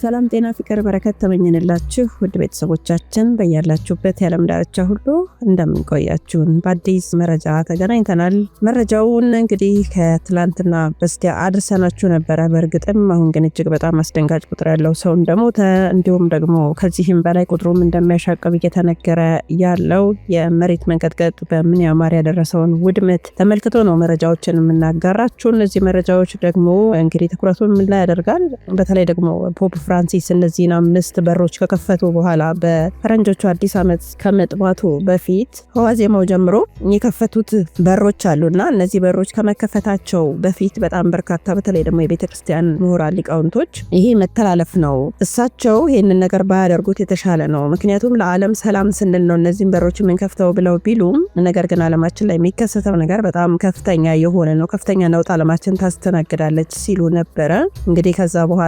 ሰላም ጤና ፍቅር በረከት ተመኝንላችሁ ውድ ቤተሰቦቻችን በያላችሁበት የዓለም ዳርቻ ሁሉ እንደምንቆያችሁን በአዲስ መረጃ ተገናኝተናል። መረጃውን እንግዲህ ከትላንትና በስቲያ አድርሰናችሁ ነበረ። በእርግጥም አሁን ግን እጅግ በጣም አስደንጋጭ ቁጥር ያለው ሰው እንደሞተ እንዲሁም ደግሞ ከዚህም በላይ ቁጥሩም እንደሚያሻቀብ እየተነገረ ያለው የመሬት መንቀጥቀጥ በምንያማር ያደረሰውን ውድመት ተመልክቶ ነው መረጃዎችን የምናጋራችሁ። እነዚህ መረጃዎች ደግሞ እንግዲህ ትኩረቱን ምን ላይ ያደርጋል? በተለይ ደግሞ ፖፕ ፍራንሲስ እነዚህን አምስት በሮች ከከፈቱ በኋላ በፈረንጆቹ አዲስ ዓመት ከመጥባቱ በፊት ከዋዜማው ጀምሮ የከፈቱት በሮች አሉና እነዚህ በሮች ከመከፈታቸው በፊት በጣም በርካታ በተለይ ደግሞ የቤተ ክርስቲያን ምሁራን ሊቃውንቶች ይሄ መተላለፍ ነው፣ እሳቸው ይህንን ነገር ባያደርጉት የተሻለ ነው፣ ምክንያቱም ለዓለም ሰላም ስንል ነው እነዚህን በሮች የምንከፍተው ብለው ቢሉም ነገር ግን ዓለማችን ላይ የሚከሰተው ነገር በጣም ከፍተኛ የሆነ ነው፣ ከፍተኛ ነውጥ ዓለማችን ታስተናግዳለች ሲሉ ነበረ። እንግዲህ ከዛ በኋላ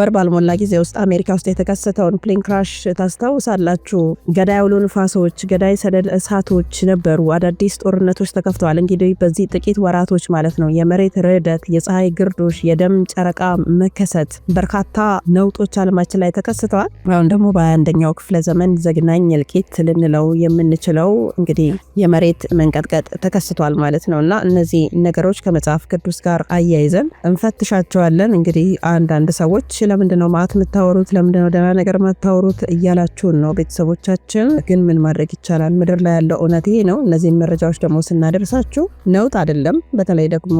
ወር ባልሞላ በተሞላ ጊዜ ውስጥ አሜሪካ ውስጥ የተከሰተውን ፕሌን ክራሽ ታስታውሳላችሁ። ገዳይ አውሎ ንፋሶች፣ ገዳይ ሰደድ እሳቶች ነበሩ። አዳዲስ ጦርነቶች ተከፍተዋል። እንግዲህ በዚህ ጥቂት ወራቶች ማለት ነው። የመሬት ርዕደት፣ የፀሐይ ግርዶሽ፣ የደም ጨረቃ መከሰት፣ በርካታ ነውጦች አለማችን ላይ ተከስተዋል። አሁን ደግሞ በአንደኛው ክፍለ ዘመን ዘግናኝ እልቂት ልንለው የምንችለው እንግዲህ የመሬት መንቀጥቀጥ ተከስቷል ማለት ነው እና እነዚህ ነገሮች ከመጽሐፍ ቅዱስ ጋር አያይዘን እንፈትሻቸዋለን። እንግዲህ አንዳንድ ሰዎች ለምንድነው ጠዋት የምታወሩት ለምንድነው ደህና ነገር ማታወሩት እያላችሁን ነው ቤተሰቦቻችን። ግን ምን ማድረግ ይቻላል? ምድር ላይ ያለው እውነት ይሄ ነው። እነዚህን መረጃዎች ደግሞ ስናደርሳችሁ ነውጥ አይደለም። በተለይ ደግሞ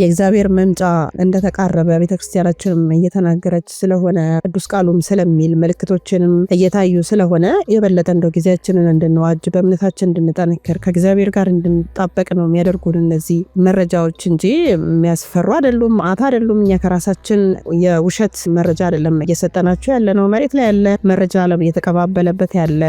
የእግዚአብሔር መምጫ እንደተቃረበ ቤተክርስቲያናችንም እየተናገረች ስለሆነ ቅዱስ ቃሉም ስለሚል ምልክቶችንም እየታዩ ስለሆነ የበለጠ እንደው ጊዜያችንን እንድንዋጅ በእምነታችን እንድንጠነክር ከእግዚአብሔር ጋር እንድንጣበቅ ነው የሚያደርጉን እነዚህ መረጃዎች እንጂ የሚያስፈሩ አይደሉም፣ መዓት አይደሉም። እኛ ከራሳችን የውሸት መረጃ አይደለም እየሰጠናቸው ያለ ነው። መሬት ላይ ያለ መረጃ ዓለም እየተቀባበለበት ያለ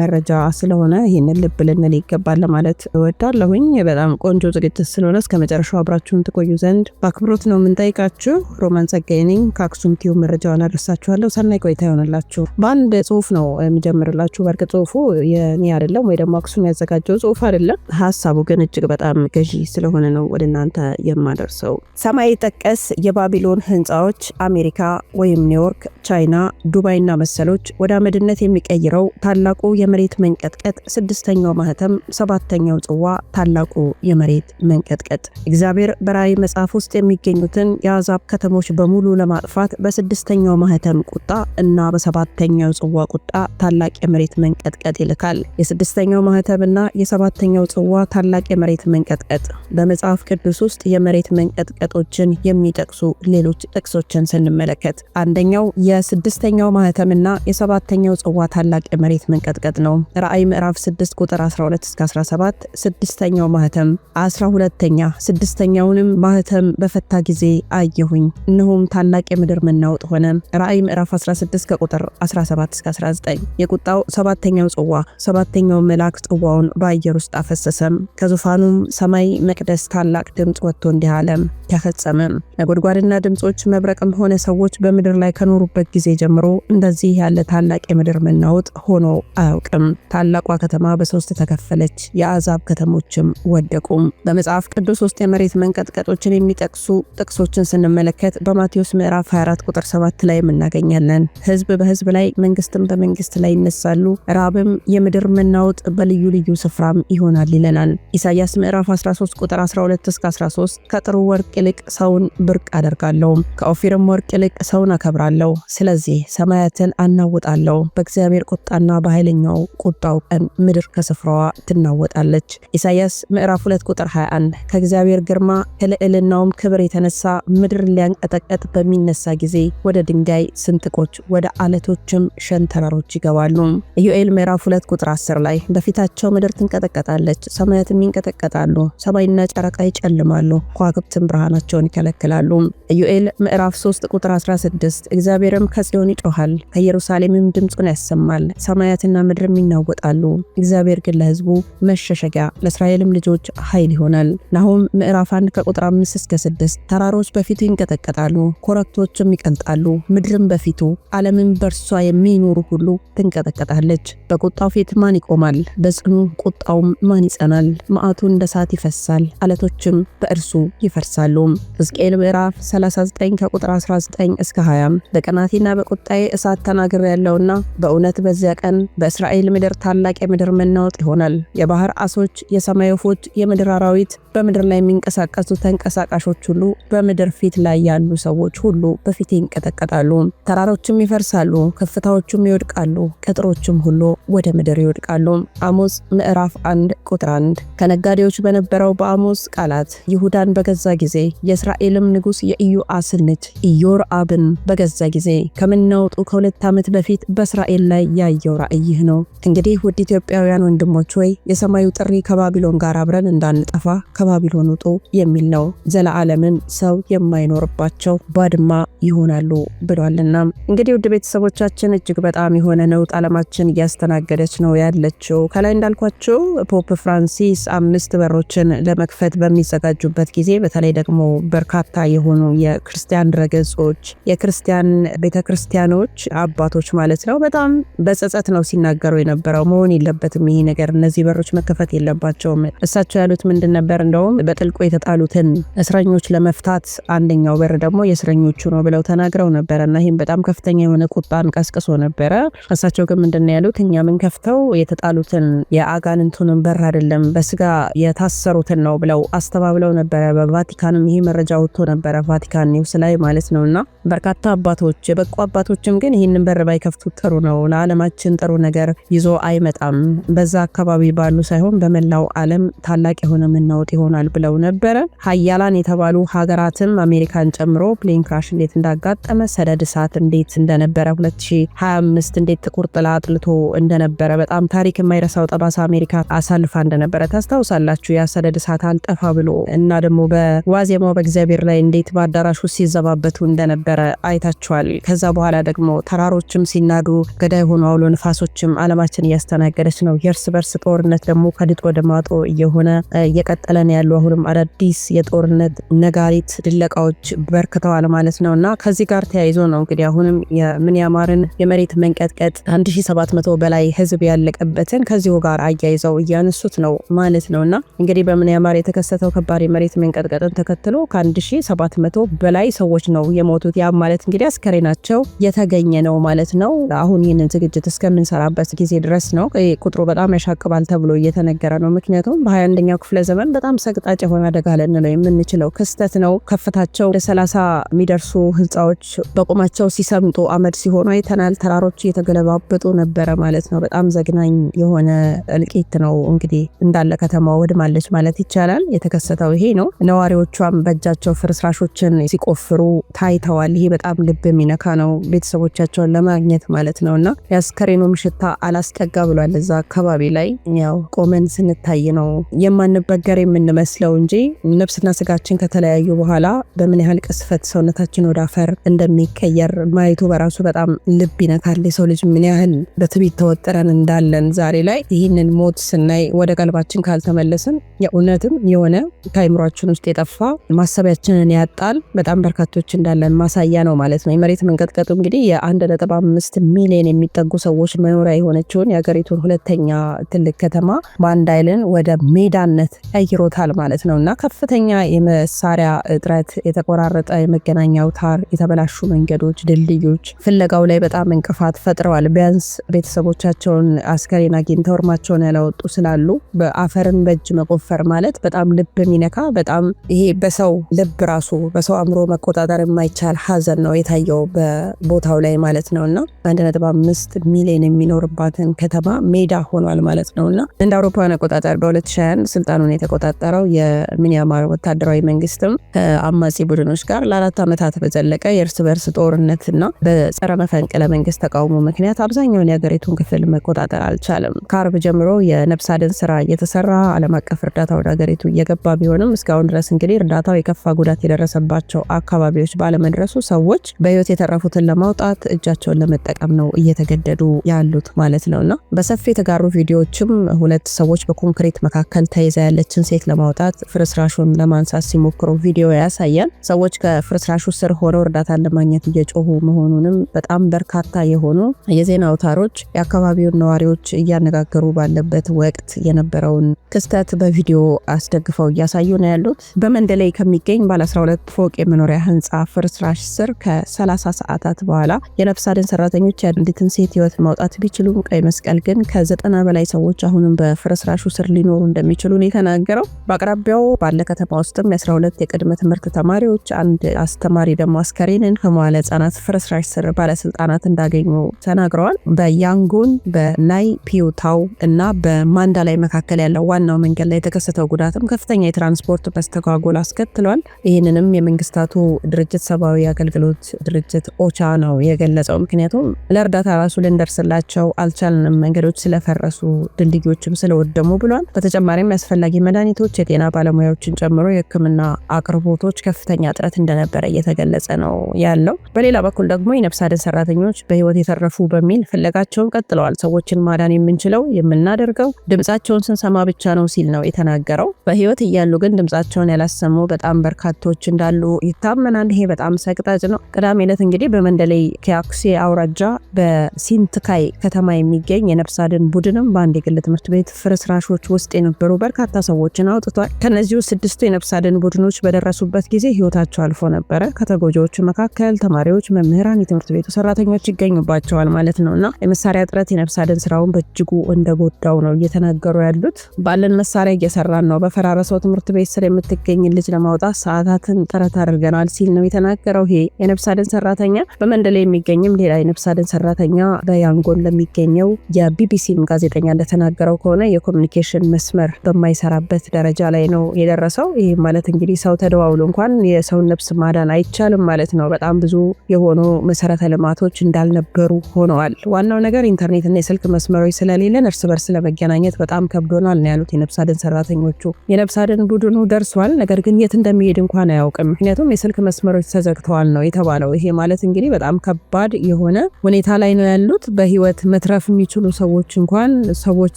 መረጃ ስለሆነ ይህንን ልብ ልንል ይገባል ማለት እወዳለሁኝ። በጣም ቆንጆ ዝግጅት ስለሆነ እስከ መጨረሻው አብራችሁን ትቆዩ ዘንድ በአክብሮት ነው የምንጠይቃችሁ። ሮማን ጸጋዬ ነኝ ከአክሱም ቲዩ መረጃውን አደርሳችኋለሁ። ሰናይ ቆይታ ይሆንላችሁ። በአንድ ጽሁፍ ነው የሚጀምርላችሁ። በእርግጥ ጽሁፉ የኔ አይደለም ወይ ደግሞ አክሱም ያዘጋጀው ጽሁፍ አይደለም። ሀሳቡ ግን እጅግ በጣም ገዢ ስለሆነ ነው ወደ እናንተ የማደርሰው። ሰማይ ጠቀስ የባቢሎን ህንፃዎች አሜሪካ ወይም ኒውዮርክ፣ ቻይና፣ ዱባይና መሰሎች ወደ አመድነት የሚቀይረው ታላቁ የመሬት መንቀጥቀጥ ስድስተኛው ማህተም ሰባተኛው ጽዋ ታላቁ የመሬት መንቀጥቀጥ እግዚአብሔር በራእይ መጽሐፍ ውስጥ የሚገኙትን የአዛብ ከተሞች በሙሉ ለማጥፋት በስድስተኛው ማህተም ቁጣ እና በሰባተኛው ጽዋ ቁጣ ታላቅ የመሬት መንቀጥቀጥ ይልካል። የስድስተኛው ማህተም እና የሰባተኛው ጽዋ ታላቅ የመሬት መንቀጥቀጥ በመጽሐፍ ቅዱስ ውስጥ የመሬት መንቀጥቀጦችን የሚጠቅሱ ሌሎች ጥቅሶችን ስንመለከት አንደኛው የስድስተኛው ማህተም እና የሰባተኛው ጽዋ ታላቅ የመሬት መንቀጥቀጥ ነው። ራእይ ምዕራፍ 6 ቁጥር 12-17 ስድስተኛው ማህተም 12ተኛ ስድስተኛውንም ማህተም በፈታ ጊዜ አየሁኝ፣ እነሆም ታላቅ የምድር መናወጥ ሆነ። ራእይ ምዕራፍ 16 ከቁጥር 17-19 የቁጣው ሰባተኛው ጽዋ። ሰባተኛው መልአክ ጽዋውን በአየር ውስጥ አፈሰሰም። ከዙፋኑም ሰማይ መቅደስ ታላቅ ድምፅ ወጥቶ እንዲህ አለም ተፈጸመም። ነጎድጓድና ድምፆች መብረቅም ሆነ ሰዎች በምድር ላይ ከኖሩበት ጊዜ ጀምሮ እንደዚህ ያለ ታላቅ የምድር መናወጥ ሆኖ አያውቅም። ታላቋ ከተማ በሶስት ተከፈለች፣ የአዛብ ከተሞችም ወደቁም። በመጽሐፍ ቅዱስ ውስጥ የመሬት መንቀጥቀጦች ጥቅሶችን የሚጠቅሱ ጥቅሶችን ስንመለከት በማቴዎስ ምዕራፍ 24 ቁጥር 7 ላይ እናገኛለን። ህዝብ በህዝብ ላይ መንግስትም በመንግስት ላይ ይነሳሉ፣ ራብም የምድር መናወጥ በልዩ ልዩ ስፍራም ይሆናል ይለናል። ኢሳያስ ምዕራፍ 13 ቁጥር 12 እስከ 13 ከጥሩ ወርቅ ይልቅ ሰውን ብርቅ አደርጋለሁ፣ ከኦፊርም ወርቅ ይልቅ ሰውን አከብራለሁ፣ ስለዚህ ሰማያትን አናውጣለሁ፣ በእግዚአብሔር ቁጣና በኃይለኛው ቁጣው ቀን ምድር ከስፍራዋ ትናወጣለች። ኢሳያስ ምዕራፍ 2 ቁጥር 21 ከእግዚአብሔር ግርማ ከልዕል ከልዕልናውም ክብር የተነሳ ምድር ሊያንቀጠቀጥ በሚነሳ ጊዜ ወደ ድንጋይ ስንጥቆች፣ ወደ አለቶችም ሸንተረሮች ይገባሉ። ኢዮኤል ምዕራፍ 2 ቁጥር 10 ላይ በፊታቸው ምድር ትንቀጠቀጣለች፣ ሰማያትም ይንቀጠቀጣሉ፣ ሰማይና ጨረቃ ይጨልማሉ፣ ከዋክብትም ብርሃናቸውን ይከለክላሉ። ኢዮኤል ምዕራፍ 3 ቁጥር 16 እግዚአብሔርም ከጽዮን ይጮሃል፣ ከኢየሩሳሌምም ድምፁን ያሰማል፣ ሰማያትና ምድርም ይናወጣሉ። እግዚአብሔር ግን ለህዝቡ መሸሸጊያ ለእስራኤልም ልጆች ኃይል ይሆናል። ናሁም ምዕራፍ 1 ከቁጥር ከአምስት እስከ ስድስት ተራሮች በፊቱ ይንቀጠቀጣሉ፣ ኮረብቶችም ይቀልጣሉ። ምድርም በፊቱ ዓለምን በእርሷ የሚኖሩ ሁሉ ትንቀጠቀጣለች። በቁጣው ፊት ማን ይቆማል? በጽኑ ቁጣውም ማን ይጸናል? መዓቱ እንደ እሳት ይፈሳል፣ አለቶችም በእርሱ ይፈርሳሉ። ሕዝቅኤል ምዕራፍ 39 ከቁጥር 19 እስከ 20 በቀናቴና በቁጣዬ እሳት ተናግር ያለውና በእውነት በዚያ ቀን በእስራኤል ምድር ታላቅ የምድር መናወጥ ይሆናል። የባህር አሶች፣ የሰማይ ወፎች፣ የምድር አራዊት፣ በምድር ላይ የሚንቀሳቀሱ ተንቀ ተንቀሳቃሾች ሁሉ፣ በምድር ፊት ላይ ያሉ ሰዎች ሁሉ በፊቴ ይንቀጠቀጣሉ። ተራሮችም ይፈርሳሉ፣ ከፍታዎችም ይወድቃሉ፣ ቅጥሮችም ሁሉ ወደ ምድር ይወድቃሉ። አሞጽ ምዕራፍ 1 ቁጥር 1። ከነጋዴዎች በነበረው በአሞጽ ቃላት ይሁዳን በገዛ ጊዜ የእስራኤልም ንጉሥ የኢዮአስን ልጅ ኢዮርአብን በገዛ ጊዜ ከምናወጡ ከሁለት ዓመት በፊት በእስራኤል ላይ ያየው ራእይ ይህ ነው። እንግዲህ ውድ ኢትዮጵያውያን ወንድሞች ሆይ የሰማዩ ጥሪ ከባቢሎን ጋር አብረን እንዳንጠፋ ከባቢሎን ውጡ የሚል ነው። ዘለዓለምን ሰው የማይኖርባቸው ባድማ ይሆናሉ ብሏልና እንግዲህ ውድ ቤተሰቦቻችን እጅግ በጣም የሆነ ነውጥ ዓለማችን እያስተናገደች ነው ያለችው። ከላይ እንዳልኳቸው ፖፕ ፍራንሲስ አምስት በሮችን ለመክፈት በሚዘጋጁበት ጊዜ በተለይ ደግሞ በርካታ የሆኑ የክርስቲያን ድረገጾች የክርስቲያን ቤተክርስቲያኖች አባቶች ማለት ነው በጣም በጸጸት ነው ሲናገሩ የነበረው። መሆን የለበትም ይሄ ነገር፣ እነዚህ በሮች መከፈት የለባቸውም። እሳቸው ያሉት ምንድን ነበር? እንደውም በጥልቁ የተጣሉትን እስረኞች ለመፍታት አንደኛው በር ደግሞ የእስረኞቹ ነው ብለው ተናግረው ነበረ እና ይህም በጣም ከፍተኛ የሆነ ቁጣን ቀስቅሶ ነበረ። እሳቸው ግን ምንድነው ያሉት? እኛ ምን ከፍተው የተጣሉትን የአጋንንቱንም በር አይደለም በስጋ የታሰሩትን ነው ብለው አስተባብለው ነበረ። በቫቲካንም ይህ መረጃ ወጥቶ ነበረ ቫቲካን ኒውስ ላይ ማለት ነው እና በርካታ አባቶች የበቁ አባቶችም ግን ይህንን በር ባይከፍቱት ጥሩ ነው፣ ለዓለማችን ጥሩ ነገር ይዞ አይመጣም፣ በዛ አካባቢ ባሉ ሳይሆን በመላው ዓለም ታላቅ የሆነ መናወጥ ይሆናል ብለው ነበረ ሀያ ጣሊያን የተባሉ ሀገራትም አሜሪካን ጨምሮ ፕሌን ክራሽ እንዴት እንዳጋጠመ ሰደድ እሳት እንዴት እንደነበረ 2025 እንዴት ጥቁር ጥላ አጥልቶ እንደነበረ በጣም ታሪክ የማይረሳው ጠባሳ አሜሪካ አሳልፋ እንደነበረ ታስታውሳላችሁ። ያ ሰደድ እሳት አልጠፋ ብሎ እና ደግሞ በዋዜማው በእግዚአብሔር ላይ እንዴት በአዳራሽ ውስጥ ሲዘባበቱ እንደነበረ አይታችኋል። ከዛ በኋላ ደግሞ ተራሮችም ሲናዱ ገዳይ ሆኑ አውሎ ንፋሶችም አለማችን እያስተናገደች ነው። የእርስ በርስ ጦርነት ደግሞ ከድጦ ደማጦ እየሆነ እየቀጠለን ያሉ አሁንም አዳዲስ የጦር ጦርነት ነጋሪት ድለቃዎች በርክተዋል ማለት ነው እና ከዚህ ጋር ተያይዞ ነው እንግዲህ አሁንም የምንያማርን የመሬት መንቀጥቀጥ 1700 በላይ ህዝብ ያለቀበትን ከዚሁ ጋር አያይዘው እያነሱት ነው ማለት ነው እና እንግዲህ በምንያማር የተከሰተው ከባድ የመሬት መንቀጥቀጥን ተከትሎ ከ1700 በላይ ሰዎች ነው የሞቱት። ያ ማለት እንግዲህ አስከሬናቸው የተገኘ ነው ማለት ነው። አሁን ይህንን ዝግጅት እስከምንሰራበት ጊዜ ድረስ ነው ቁጥሩ በጣም ያሻቅባል ተብሎ እየተነገረ ነው። ምክንያቱም በ21ኛው ክፍለ ዘመን በጣም ሰቅጣጭ የሆነ አደጋ ልንለው የምንችለው ክስተት ነው። ከፍታቸው ለሰላሳ የሚደርሱ ህንፃዎች በቁማቸው ሲሰምጡ አመድ ሲሆኑ አይተናል። ተራሮች እየተገለባበጡ ነበረ ማለት ነው። በጣም ዘግናኝ የሆነ እልቂት ነው። እንግዲህ እንዳለ ከተማ ወድማለች ማለት ይቻላል። የተከሰተው ይሄ ነው። ነዋሪዎቿም በእጃቸው ፍርስራሾችን ሲቆፍሩ ታይተዋል። ይሄ በጣም ልብ የሚነካ ነው። ቤተሰቦቻቸውን ለማግኘት ማለት ነው እና የአስከሬኑም ሽታ አላስጠጋ ብሏል። እዛ አካባቢ ላይ ያው ቆመን ስንታይ ነው የማንበገር የምንመስለው እንጂ ነፍስና ስጋችን ከተለያዩ በኋላ በምን ያህል ቅስፈት ሰውነታችን ወደ አፈር እንደሚቀየር ማየቱ በራሱ በጣም ልብ ይነካል። የሰው ልጅ ምን ያህል በትቢት ተወጥረን እንዳለን ዛሬ ላይ ይህንን ሞት ስናይ ወደ ቀልባችን ካልተመለስን የእውነትም የሆነ ከአይምሯችን ውስጥ የጠፋ ማሰቢያችንን ያጣል በጣም በርካቶች እንዳለን ማሳያ ነው ማለት ነው። የመሬት መንቀጥቀጡ እንግዲህ የአንድ ነጥብ አምስት ሚሊዮን የሚጠጉ ሰዎች መኖሪያ የሆነችውን የሀገሪቱን ሁለተኛ ትልቅ ከተማ ባንዳይልን አይልን ወደ ሜዳነት ቀይሮታል ማለት ነው እና ከፍተኛ የመሳሪያ እጥረት፣ የተቆራረጠ የመገናኛ አውታር፣ የተበላሹ መንገዶች፣ ድልድዮች ፍለጋው ላይ በጣም እንቅፋት ፈጥረዋል። ቢያንስ ቤተሰቦቻቸውን አስከሬን አግኝተው እርማቸውን ያላወጡ ስላሉ በአፈርን በእጅ መቆፈር ማለት በጣም ልብ የሚነካ በጣም ይሄ በሰው ልብ ራሱ በሰው አእምሮ መቆጣጠር የማይቻል ሀዘን ነው የታየው በቦታው ላይ ማለት ነው እና አንድ ነጥብ አምስት ሚሊዮን የሚኖርባትን ከተማ ሜዳ ሆኗል ማለት ነው እና እንደ አውሮፓውያን አቆጣጠር በ2021 ስልጣኑን የተቆጣጠረው የሚያንማር ወታደ ወታደራዊ መንግስትም ከአማጺ ቡድኖች ጋር ለአራት ዓመታት በዘለቀ የእርስ በርስ ጦርነትና በጸረ መፈንቅለ መንግስት ተቃውሞ ምክንያት አብዛኛውን የሀገሪቱን ክፍል መቆጣጠር አልቻለም። ከአርብ ጀምሮ የነፍስ አድን ስራ እየተሰራ ዓለም አቀፍ እርዳታ ወደ ሀገሪቱ እየገባ ቢሆንም እስካሁን ድረስ እንግዲህ እርዳታው የከፋ ጉዳት የደረሰባቸው አካባቢዎች ባለመድረሱ ሰዎች በህይወት የተረፉትን ለማውጣት እጃቸውን ለመጠቀም ነው እየተገደዱ ያሉት ማለት ነው እና በሰፊ የተጋሩ ቪዲዮዎችም ሁለት ሰዎች በኮንክሪት መካከል ተይዛ ያለችን ሴት ለማውጣት ፍርስራሹን ለማንሳት ለማንሳት ሲሞክሩ ቪዲዮ ያሳያል። ሰዎች ከፍርስራሹ ስር ሆነው እርዳታን ለማግኘት እየጮሁ መሆኑንም በጣም በርካታ የሆኑ የዜና አውታሮች የአካባቢውን ነዋሪዎች እያነጋገሩ ባለበት ወቅት የነበረውን ክስተት በቪዲዮ አስደግፈው እያሳዩ ነው ያሉት። በመንደላይ ከሚገኝ ባለ 12 ፎቅ የመኖሪያ ህንፃ ፍርስራሽ ስር ከ30 ሰዓታት በኋላ የነፍስ አድን ሰራተኞች የአንዲትን ሴት ህይወት ማውጣት ቢችሉም ቀይ መስቀል ግን ከዘጠና በላይ ሰዎች አሁንም በፍርስራሹ ስር ሊኖሩ እንደሚችሉ ነው የተናገረው። በአቅራቢያው ባለ ከተማ ውስጥ ውስጥም የ12 የቅድመ ትምህርት ተማሪዎች አንድ አስተማሪ ደግሞ አስከሬንን ከመዋለ ህጻናት ፍርስራሽ ስር ባለስልጣናት እንዳገኙ ተናግረዋል። በያንጉን በናይ ፒዩታው እና በማንዳ ላይ መካከል ያለው ዋናው መንገድ ላይ የተከሰተው ጉዳትም ከፍተኛ የትራንስፖርት መስተጓጎል አስከትሏል። ይህንንም የመንግስታቱ ድርጅት ሰብአዊ አገልግሎት ድርጅት ኦቻ ነው የገለጸው። ምክንያቱም ለእርዳታ ራሱ ልንደርስላቸው አልቻልንም፣ መንገዶች ስለፈረሱ፣ ድልድዮችም ስለወደሙ ብሏል። በተጨማሪም ያስፈላጊ መድኃኒቶች የጤና ባለሙያዎችን ጨምሮ የህክምና አቅርቦቶች ከፍተኛ እጥረት እንደነበረ እየተገለጸ ነው ያለው። በሌላ በኩል ደግሞ የነፍስ አድን ሰራተኞች በህይወት የተረፉ በሚል ፍለጋቸውን ቀጥለዋል። ሰዎችን ማዳን የምንችለው የምናደርገው ድምፃቸውን ስንሰማ ብቻ ነው ሲል ነው የተናገረው። በህይወት እያሉ ግን ድምፃቸውን ያላሰሙ በጣም በርካቶች እንዳሉ ይታመናል። ይሄ በጣም ሰቅጣጭ ነው። ቅዳሜ ዕለት እንግዲህ በመንደሌይ ኪያኩሴ አውራጃ በሲንትካይ ከተማ የሚገኝ የነፍስ አድን ቡድንም በአንድ የግል ትምህርት ቤት ፍርስራሾች ውስጥ የነበሩ በርካታ ሰዎችን አውጥቷል። ከነዚሁ ስድስቱ የነፍስ አድን ቡድኖች በደረሱበት ጊዜ ህይወታቸው አልፎ ነበረ። ከተጎጂዎቹ መካከል ተማሪዎች፣ መምህራን፣ የትምህርት ቤቱ ሰራተኞች ይገኙባቸዋል ማለት ነው እና የመሳሪያ እጥረት የነፍስ አድን ስራውን በእጅጉ እንደጎዳው ነው እየተናገሩ ያሉት። ባለን መሳሪያ እየሰራን ነው። በፈራረሰው ትምህርት ቤት ስር የምትገኝ ልጅ ለማውጣት ሰዓታትን ጥረት አድርገናል ሲል ነው የተናገረው። ይሄ የነፍስ አድን ሰራተኛ በመንደላ የሚገኝም ሌላ የነፍስ አድን ሰራተኛ በያንጎን ለሚገኘው የቢቢሲም ጋዜጠኛ እንደተናገረው ከሆነ የኮሚኒኬሽን መስመር በማይሰራበት ደረጃ ላይ ነው የደረሰው። አይቻልም ማለት እንግዲህ ሰው ተደዋውሎ እንኳን የሰውን ነፍስ ማዳን አይቻልም ማለት ነው። በጣም ብዙ የሆኑ መሰረተ ልማቶች እንዳልነበሩ ሆነዋል። ዋናው ነገር ኢንተርኔትና የስልክ መስመሮች ስለሌለን እርስ በርስ ለመገናኘት በጣም ከብዶናል ነው ያሉት የነፍስ አድን ሰራተኞቹ። የነፍስ አድን ቡድኑ ደርሷል፣ ነገር ግን የት እንደሚሄድ እንኳን አያውቅም። ምክንያቱም የስልክ መስመሮች ተዘግተዋል ነው የተባለው። ይሄ ማለት እንግዲህ በጣም ከባድ የሆነ ሁኔታ ላይ ነው ያሉት። በህይወት መትረፍ የሚችሉ ሰዎች እንኳን ሰዎች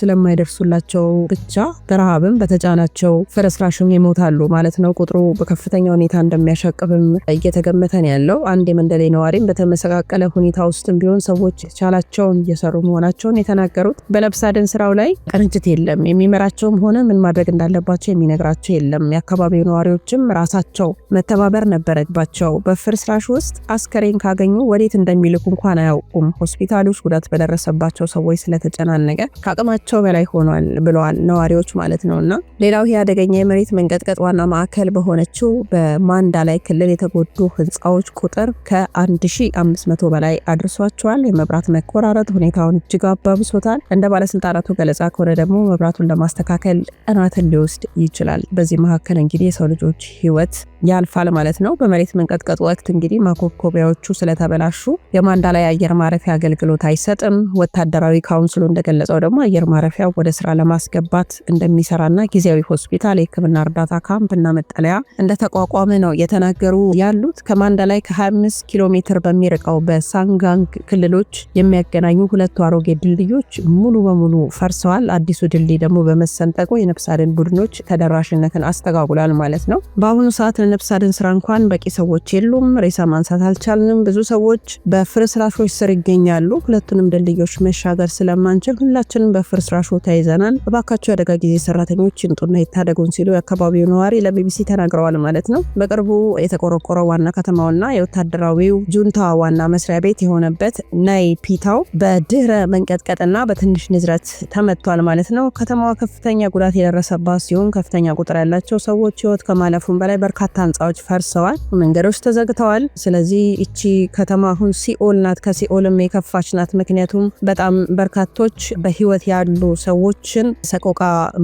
ስለማይደርሱላቸው ብቻ በረሃብም በተጫናቸው ፍርስራሽም ይሞታሉ። ማለት ነው። ቁጥሩ በከፍተኛ ሁኔታ እንደሚያሻቅብም እየተገመተ ነው ያለው። አንድ የመንደሌ ነዋሪም በተመሰቃቀለ ሁኔታ ውስጥም ቢሆን ሰዎች ቻላቸውን እየሰሩ መሆናቸውን የተናገሩት በነፍስ አድን ስራው ላይ ቅንጅት የለም፣ የሚመራቸውም ሆነ ምን ማድረግ እንዳለባቸው የሚነግራቸው የለም። የአካባቢው ነዋሪዎችም ራሳቸው መተባበር ነበረባቸው። በፍርስራሽ ውስጥ አስከሬን ካገኙ ወዴት እንደሚልኩ እንኳን አያውቁም። ሆስፒታሎች ጉዳት በደረሰባቸው ሰዎች ስለተጨናነቀ ከአቅማቸው በላይ ሆኗል ብለዋል ነዋሪዎች ማለት ነው እና ሌላው ይህ አደገኛ የመሬት መንቀጥቀጥ ዋና ማዕከል በሆነችው በማንዳላይ ክልል የተጎዱ ህንፃዎች ቁጥር ከ1500 በላይ አድርሷቸዋል። የመብራት መቆራረጥ ሁኔታውን እጅግ አባብሶታል። እንደ ባለስልጣናቱ ገለጻ ከሆነ ደግሞ መብራቱን ለማስተካከል ቀናትን ሊወስድ ይችላል። በዚህ መካከል እንግዲህ የሰው ልጆች ህይወት ያልፋል ማለት ነው። በመሬት መንቀጥቀጥ ወቅት እንግዲህ ማኮብኮቢያዎቹ ስለተበላሹ የማንዳላይ አየር ማረፊያ አገልግሎት አይሰጥም። ወታደራዊ ካውንስሉ እንደገለጸው ደግሞ አየር ማረፊያው ወደ ስራ ለማስገባት እንደሚሰራና ጊዜያዊ ሆስፒታል የህክምና እርዳታ ካ ካምፕና መጠለያ እንደተቋቋመ ነው የተናገሩ ያሉት። ከማንዳ ላይ ከ25 ኪሎ ሜትር በሚርቀው በሳንጋንግ ክልሎች የሚያገናኙ ሁለቱ አሮጌ ድልድዮች ሙሉ በሙሉ ፈርሰዋል። አዲሱ ድልድይ ደግሞ በመሰንጠቁ የነፍስ አድን ቡድኖች ተደራሽነትን አስተጓጉሏል ማለት ነው። በአሁኑ ሰዓት ለነፍስ አድን ስራ እንኳን በቂ ሰዎች የሉም። ሬሳ ማንሳት አልቻልንም። ብዙ ሰዎች በፍርስራሾች ስር ይገኛሉ። ሁለቱንም ድልድዮች መሻገር ስለማንችል ሁላችንም በፍርስራሾ ተይዘናል። እባካቸው የአደጋ ጊዜ ሰራተኞች ይምጡና ይታደጉን ሲሉ የአካባቢው ነዋሪ ዛሬ ለቢቢሲ ተናግረዋል ማለት ነው። በቅርቡ የተቆረቆረው ዋና ከተማውና የወታደራዊው ጁንታ ዋና መስሪያ ቤት የሆነበት ናይ ፒታው በድህረ መንቀጥቀጥና በትንሽ ንዝረት ተመቷል ማለት ነው። ከተማዋ ከፍተኛ ጉዳት የደረሰባት ሲሆን ከፍተኛ ቁጥር ያላቸው ሰዎች ህይወት ከማለፉም በላይ በርካታ ህንፃዎች ፈርሰዋል፣ መንገዶች ተዘግተዋል። ስለዚህ እቺ ከተማ አሁን ሲኦል ናት፣ ከሲኦልም የከፋች ናት። ምክንያቱም በጣም በርካቶች በህይወት ያሉ ሰዎችን ሰቆቃ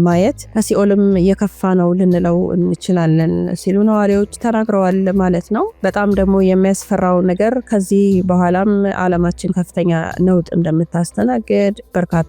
ማየት ከሲኦልም የከፋ ነው ልንለው እንችላለን ሲሉ ነዋሪዎች ተናግረዋል ማለት ነው። በጣም ደግሞ የሚያስፈራው ነገር ከዚህ በኋላም አለማችን ከፍተኛ ነውጥ እንደምታስተናግድ በርካታ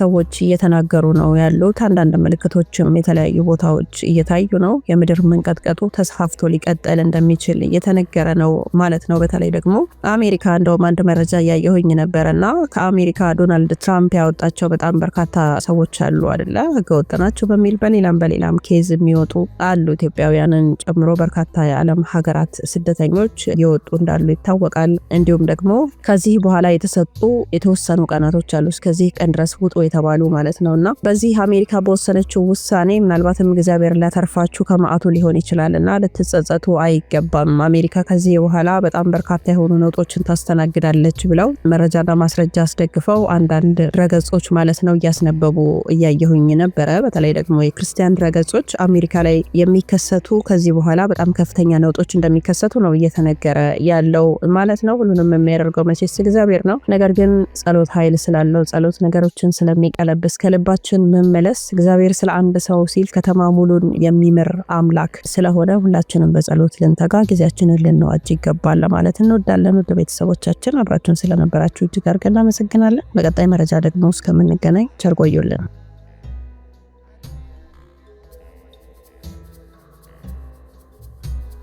ሰዎች እየተናገሩ ነው ያሉት። አንዳንድ ምልክቶችም የተለያዩ ቦታዎች እየታዩ ነው። የምድር መንቀጥቀጡ ተስፋፍቶ ሊቀጥል እንደሚችል እየተነገረ ነው ማለት ነው። በተለይ ደግሞ አሜሪካ እንደውም አንድ መረጃ እያየሁኝ ነበረና ከአሜሪካ ዶናልድ ትራምፕ ያወጣቸው በጣም በርካታ ሰዎች አሉ አደለ፣ ህገወጥ ናቸው በሚል በሌላም በሌላም ኬዝ የሚወጡ አሉ። ኢትዮጵያውያንን ጨምሮ በርካታ የዓለም ሀገራት ስደተኞች የወጡ እንዳሉ ይታወቃል። እንዲሁም ደግሞ ከዚህ በኋላ የተሰጡ የተወሰኑ ቀናቶች አሉ፣ እስከዚህ ቀን ድረስ ውጡ የተባሉ ማለት ነው እና በዚህ አሜሪካ በወሰነችው ውሳኔ ምናልባትም እግዚአብሔር ሊያተርፋችሁ ከመዓቱ ሊሆን ይችላል እና ልትጸጸቱ አይገባም። አሜሪካ ከዚህ በኋላ በጣም በርካታ የሆኑ ነውጦችን ታስተናግዳለች ብለው መረጃና ማስረጃ አስደግፈው አንዳንድ ድረገጾች ማለት ነው እያስነበቡ እያየሁኝ ነበረ። በተለይ ደግሞ የክርስቲያን ድረገጾች አሜሪካ ላይ የሚከሰቱ ከዚህ በኋላ በጣም ከፍተኛ ነውጦች እንደሚከሰቱ ነው እየተነገረ ያለው ማለት ነው። ሁሉንም የሚያደርገው መቼስ እግዚአብሔር ነው። ነገር ግን ጸሎት ኃይል ስላለው ጸሎት ነገሮችን ስለሚቀለብስ ከልባችን መመለስ እግዚአብሔር ስለ አንድ ሰው ሲል ከተማ ሙሉን የሚምር አምላክ ስለሆነ ሁላችንም በጸሎት ልንተጋ ጊዜያችንን ልንዋጅ ይገባል ለማለት እንወዳለን። ወደ ቤተሰቦቻችን አብራችሁን ስለነበራችሁ እጅግ አድርገን እናመሰግናለን። በቀጣይ መረጃ ደግሞ እስከምንገናኝ ቸር ቆዩልን።